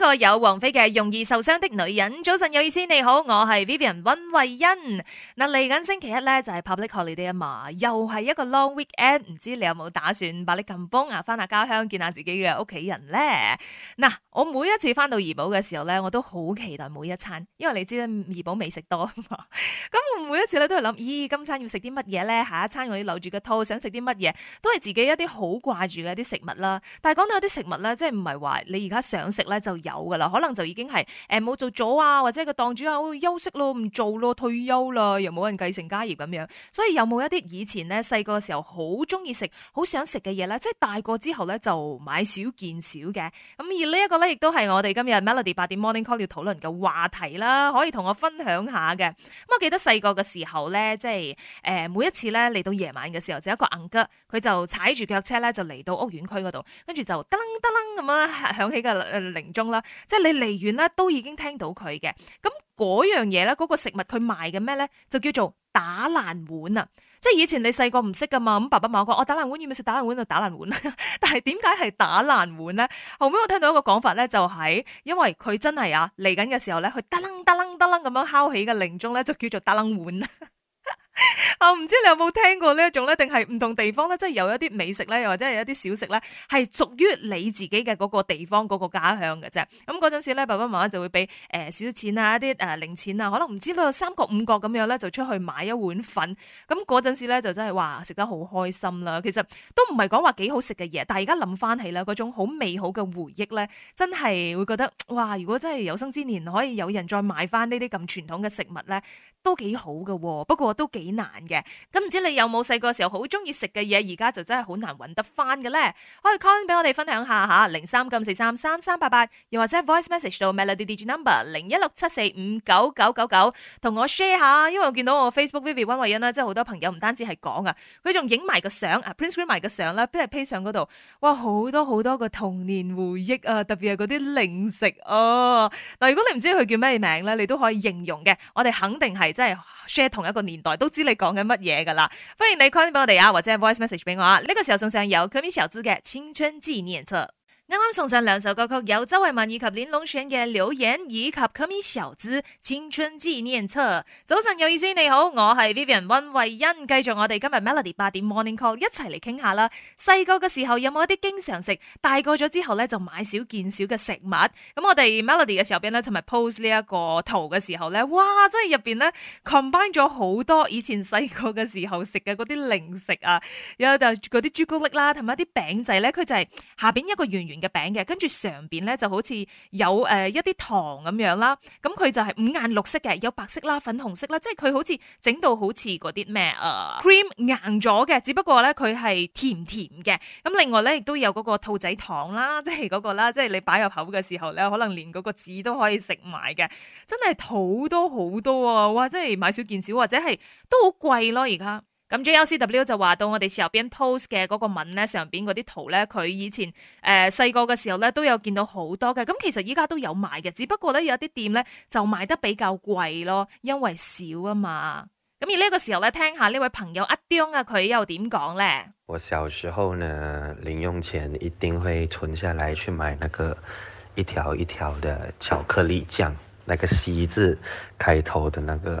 個有王菲嘅《容易受傷的女人》，早晨有意思，你好，我係 Vivian 溫慧欣。嗱、呃，嚟緊星期一咧，就係 Public Holiday 嘛，又係一個 Long Weekend，唔知你有冇打算把你咁崩啊，翻下家鄉見下自己嘅屋企人咧？嗱，我每一次翻到怡寶嘅時候咧，我都好期待每一餐，因為你知咧怡寶美食多啊嘛。咁 每一次咧都係諗，咦，今餐要食啲乜嘢咧？下一餐我要留住個肚，想食啲乜嘢，都係自己一啲好掛住嘅一啲食物啦。但係講到有啲食物咧，即係唔係話你而家想食咧就有有噶啦，可能就已經係誒冇做咗啊，或者個檔主有、哦、休息咯，唔做咯，退休啦，又冇人繼承家業咁樣，所以有冇一啲以前咧細個嘅時候好中意食、好想食嘅嘢咧，即係大個之後咧就買少見少嘅。咁而呢一個咧，亦都係我哋今日 Melody 八點 Morning Call 要討論嘅話題啦，可以同我分享下嘅。咁我記得細個嘅時候咧，即係誒、呃、每一次咧嚟到夜晚嘅時候，就一個 uncle，佢就踩住腳車咧就嚟到屋苑區嗰度，跟住就噔噔咁啊響起個鈴鐘啦。即係你離遠咧，都已經聽到佢嘅。咁嗰樣嘢咧，嗰個食物佢賣嘅咩咧，就叫做打爛碗啊！即係以前你細個唔識噶嘛，咁爸爸媽講我打爛碗，要唔要食打爛碗就打爛碗？但係點解係打爛碗咧？後尾我聽到一個講法咧，就係因為佢真係啊，嚟緊嘅時候咧，佢得楞得楞得楞咁樣敲起嘅鈴鐘咧，就叫做得楞碗。我唔 知你有冇聽過種呢一種咧，定係唔同地方咧，即係有一啲美食咧，又或者係一啲小食咧，係屬於你自己嘅嗰個地方，嗰，嗰個家鄉嘅啫。咁嗰陣時咧，爸爸媽媽就會俾誒少少錢啊，一啲誒、呃、零錢啊，可能唔知啦，三角五角咁樣咧，就出去買一碗粉。咁嗰陣時咧，就真係話食得好開心啦。其實都唔係講話幾好食嘅嘢，但係而家諗翻起咧，嗰種好美好嘅回憶咧，真係會覺得哇！如果真係有生之年可以有人再買翻呢啲咁傳統嘅食物咧，都幾好嘅，哦。不過都幾。難嘅，咁唔知你有冇細個時候好中意食嘅嘢，而家就真係好難揾得返嘅咧？可以 call 俾我哋分享下吓，零三咁四三三三八八，8, 又或者 voice message 到 Melody Digi Number 零一六七四五九九九九，同我 share 下，因為我見到我 Facebook Vivy 温慧欣啦，即係好多朋友唔單止係講啊，佢仲影埋個相啊，print screen 埋個相啦，都係 P 上嗰度，哇好多好多個童年回憶啊，特別係嗰啲零食哦。嗱、呃，如果你唔知佢叫咩名咧，你都可以形容嘅，我哋肯定係真係 share、啊、同一個年代都。知你講緊乜嘢噶啦歡迎你 call 俾我哋啊，或者係 voice message 俾我啊，呢、這個時候送上有 Kimi 小資嘅青春紀念冊。啱啱送上兩首歌曲，有周慧敏以及林隆璇嘅《留言》，以及可米小子《青春紀念冊》。早晨有意思，你好，我係 Vivian 溫慧欣，繼續我哋今日 Melody 八點 Morning Call 一齊嚟傾下啦。細個嘅時候有冇一啲經常食，大個咗之後咧就買少見少嘅食物？咁、嗯、我哋 Melody 嘅小編咧，尋日 post 呢一個圖嘅時候咧，哇，真係入邊咧 combine 咗好多以前細個嘅時候食嘅嗰啲零食啊，有就嗰啲朱古力啦，同埋啲餅仔咧，佢就係下邊一個圓圓。嘅餅嘅，跟住上邊咧就好似有誒一啲糖咁樣啦，咁佢就係五顏六色嘅，有白色啦、粉紅色啦，即係佢好似整到好似嗰啲咩啊 cream 硬咗嘅，只不過咧佢係甜甜嘅，咁另外咧亦都有嗰個兔仔糖啦，即係嗰個啦，即係你擺入口嘅時候咧，可能連嗰個紙都可以食埋嘅，真係好多好多啊！哇，即係買少見少，或者係都好貴咯而家。咁 JLCW 就話到我哋候邊 post 嘅嗰個文咧，上邊嗰啲圖咧，佢以前誒細個嘅時候咧都有見到好多嘅，咁其實依家都有賣嘅，只不過咧有啲店咧就賣得比較貴咯，因為少啊嘛。咁而呢個時候咧，聽下呢位朋友阿張啊，佢又點講咧？我小時候呢，零用錢一定會存下來去買那個一條一條嘅巧克力醬，那個 C 字開頭的那個。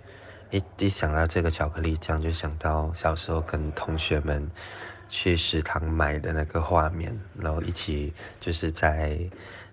一想到這個巧克力醬，就想到小時候跟同學們去食堂買的那個畫面，然後一起就是在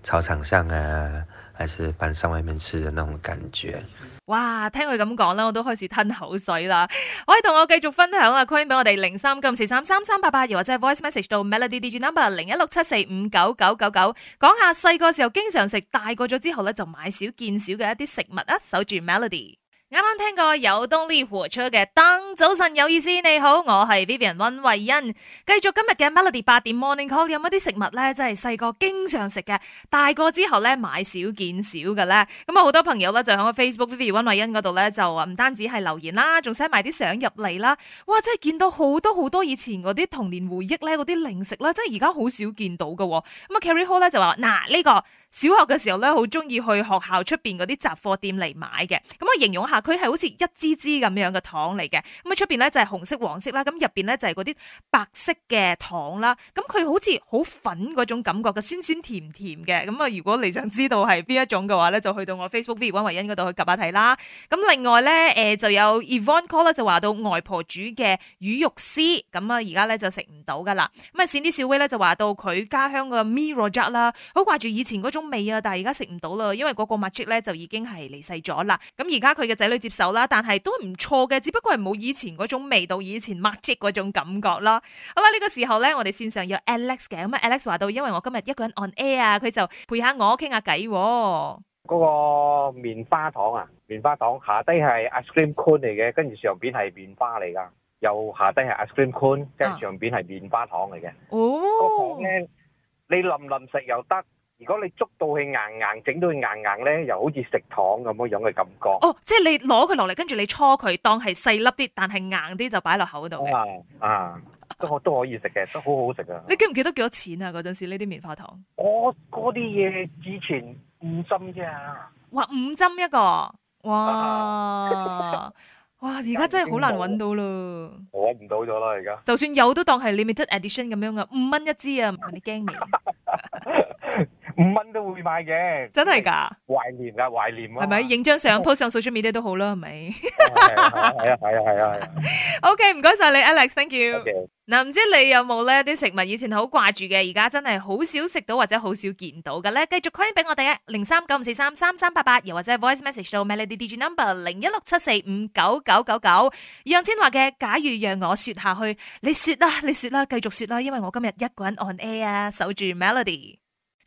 操場上啊，還是班上外面吃的那種感覺。哇，聽佢咁講咧，我都開始吞口水啦！我可以同我繼續分享啊，call 翻俾我哋零三金士三三三八八，又或者係 voice message 到 melody DJ number 零一六七四五九九九九，講下細個時候經常食，大個咗之後咧就買少見少嘅一啲食物啊，守住 melody。啱啱聽過有東尼活出嘅燈早晨有意思。你好，我係 Vivian 溫慧欣。繼續今日嘅 Melody 八點 Morning Call，有冇啲食物咧，真係細個經常食嘅，大個之後咧買少見少嘅咧。咁啊，好多朋友咧就喺個 Facebook Vivian 溫慧欣嗰度咧，就啊唔 Viv ian, 單止係留言啦，仲寫埋啲相入嚟啦。哇，真係見到好多好多以前嗰啲童年回憶咧，嗰啲零食啦，真係而家好少見到嘅，哦。咁啊，Carrie Ho 咧就話嗱呢個小學嘅時候咧，好中意去學校出邊嗰啲雜貨店嚟買嘅。咁、嗯、啊，我形容下。佢係好似一支支咁樣嘅糖嚟嘅，咁啊出邊咧就係紅色、黃色啦，咁入邊咧就係嗰啲白色嘅糖啦，咁佢好似好粉嗰種感覺嘅酸酸甜甜嘅，咁啊如果你想知道係邊一種嘅話咧，就去到我 Facebook page 溫慧欣嗰度去及下睇啦。咁另外咧，誒、呃、就有 Evon Call 就話到外婆煮嘅魚肉絲，咁啊而家咧就食唔到噶啦。咁啊善啲小威咧就話到佢家鄉個 Miraj 啦，好掛住以前嗰種味啊，但係而家食唔到啦，因為嗰個 magic 咧就已經係離世咗啦。咁而家佢嘅仔。你接受啦，但係都唔錯嘅，只不過係冇以前嗰種味道，以前 magic 嗰種感覺囉。好啦，呢個時候咧，我哋線上有 Alex 嘅，咁啊 Alex 話到，因為我今日一個人 on air 啊，佢就陪下我傾下偈。嗰個棉花糖啊，棉花糖下低係 ice cream cone 嚟嘅，跟住上邊係棉花嚟噶又下低係 ice cream cone，跟住上邊係棉花糖嚟嘅。哦，個糖咧，你淋淋食又得。如果你捉到佢硬硬，整到佢硬硬咧，又好似食糖咁樣樣嘅感覺。哦，即係你攞佢落嚟，跟住你搓佢，當係細粒啲，但係硬啲就擺落口度。啊，啊都可都可以食嘅， 都好好食啊。你記唔記得幾多錢啊？嗰陣時呢啲棉花糖。我嗰啲嘢之前五針啫。哇，五針一個，哇 哇，而家真係好難揾到咯。揾唔到咗啦，而家。就算有都當係 limited edition 咁樣噶，五蚊一支啊，你驚未？ 五蚊都會買嘅，真係噶懷念啊，懷念喎，係咪影張相 po 上 social media 都好啦，係咪？係啊、 okay,，係啊，係啊。啊。O K，唔該晒你，Alex，thank you。嗱，唔知道你有冇呢啲食物以前好掛住嘅，而家真係好少食到或者好少見到嘅咧？繼續 call 俾我哋一零三九五四三三三八八，88, 又或者係 voice message 到 Melody DJ number 零一六七四五九九九九。楊千嬅嘅假如讓我說下去，你說啦，你說啦，繼續說啦，因為我今日一個人 on air 啊，守住 Melody。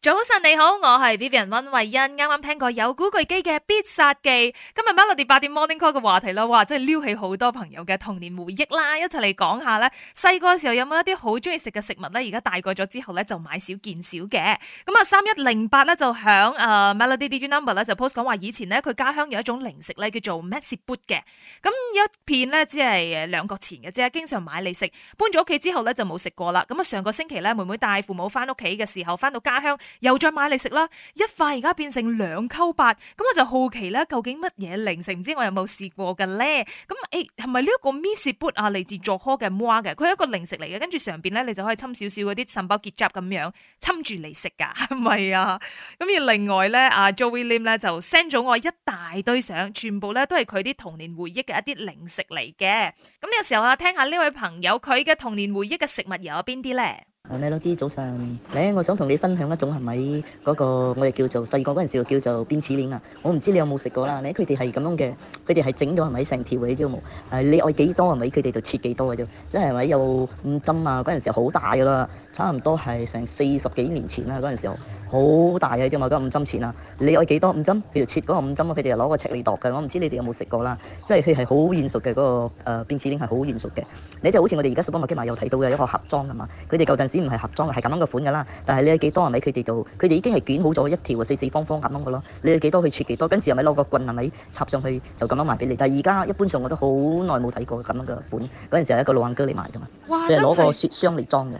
早晨你好，我係 Vivian 溫慧欣。啱啱聽過有古巨基嘅《必殺技》，今日 Melody 八點 Morning Call 嘅話題啦，哇！真係撩起好多朋友嘅童年回憶啦，一齊嚟講一下咧。細個嘅時候有冇一啲好中意食嘅食物咧？而家大個咗之後咧就買少見少嘅。咁啊，三一零八咧就響誒 Melody D J Number 咧就 post 講話以前咧佢家鄉有一種零食咧叫做 m e s s i v o b u 嘅，咁一片咧只係誒兩角錢嘅啫，係經常買嚟食。搬咗屋企之後咧就冇食過啦。咁啊上個星期咧妹妹帶父母翻屋企嘅時候，翻到家鄉。又再買嚟食啦，一塊而家變成兩九八，咁我就好奇咧，究竟乜嘢零食唔知我有冇試過嘅咧？咁誒，係咪呢一個 Miss Boot 啊，嚟自作呵嘅 Moa》嘅，佢係一個零食嚟嘅，跟住上邊咧，你就可以侵少少嗰啲腎包結汁咁樣侵住嚟食噶，係咪啊？咁而另外咧，阿、啊、Joey Lim 咧就 send 咗我一大堆相，全部咧都係佢啲童年回憶嘅一啲零食嚟嘅。咁呢個時候啊，聽下呢位朋友佢嘅童年回憶嘅食物又有邊啲咧？係咩咯？D 早晨，我想同你分享一種係咪嗰個我哋叫做細個嗰陣時叫做辮齒鏈啊？我唔知你有冇食過啦。咧佢哋係咁樣嘅，佢哋係整咗係咪成條嘅啫喎？係你愛幾多係咪佢哋就切幾多嘅啫？即係咪有五針啊？嗰陣時好大㗎啦，差唔多係成四十幾年前啦，嗰陣時候好大嘅啫嘛，嗰五針錢啊！你愛幾多五針？佢就切嗰五針，佢哋就攞個尺嚟度㗎。我唔知你哋有冇食過啦。即係佢係好軟熟嘅，嗰個誒辮齒鏈係好軟熟嘅。你就好似我哋而家 supermarket 有睇到嘅一個盒裝㗎嘛。佢哋舊陣時唔係盒裝嘅，係咁樣嘅款噶啦。但係你有幾多係咪？佢哋就佢哋已經係捲好咗一條四四方方咁樣噶咯。你有幾多，去切幾多，跟住係咪攞個棍係咪插上去就咁樣賣俾你？但係而家一般上我都好耐冇睇過咁樣嘅款。嗰陣時係一個老行哥嚟賣噶嘛，即係攞個雪箱嚟裝嘅。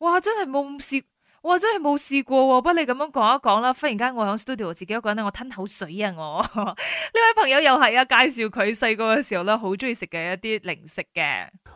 哇！真係冇試，哇！真係冇試過啊。不你咁樣講一講啦。忽然間我喺 studio 自己一個人，我吞口水啊！我呢 位朋友又係啊，介紹佢細個嘅時候咧，好中意食嘅一啲零食嘅。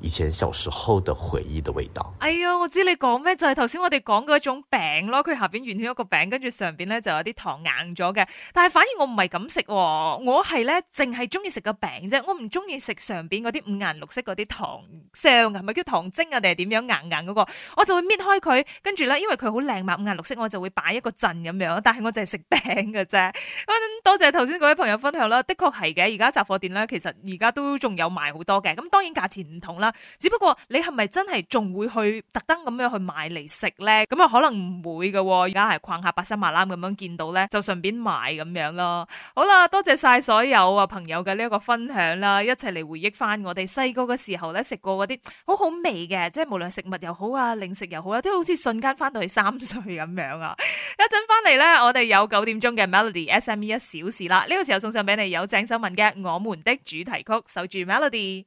以前小時候的回憶的味道。哎呀，我知你講咩，就係頭先我哋講嗰一種餅咯，佢下邊圓圈一個餅，跟住上邊咧就有啲糖硬咗嘅。但係反而我唔係咁食，我係咧淨係中意食個餅啫，我唔中意食上邊嗰啲五顏六色嗰啲糖霜啊，係咪叫糖精啊定係點樣硬硬嗰個？我就會搣開佢，跟住咧因為佢好靚嘛，五顏六色，我就會擺一個陣咁樣。但係我就係食餅嘅啫。多謝頭先嗰位朋友分享啦，的確係嘅，而家雜貨店咧其實而家都仲有賣好多嘅，咁當然價錢唔同啦。只不過你係咪真係仲會去特登咁樣去買嚟食咧？咁啊，可能唔會嘅。而家係逛下百生馬欄咁樣見到咧，就順便買咁樣咯。好啦，多謝晒所有啊朋友嘅呢一個分享啦，一齊嚟回憶翻我哋細個嘅時候咧食過嗰啲好好味嘅，即係無論食物又好啊，零食又好啊，都好似瞬間翻到去三歲咁樣啊！一陣翻嚟咧，我哋有九點鐘嘅 Melody S M E 一小時啦。呢個時候送上俾你有鄭秀文嘅我們的主題曲，守住 Melody。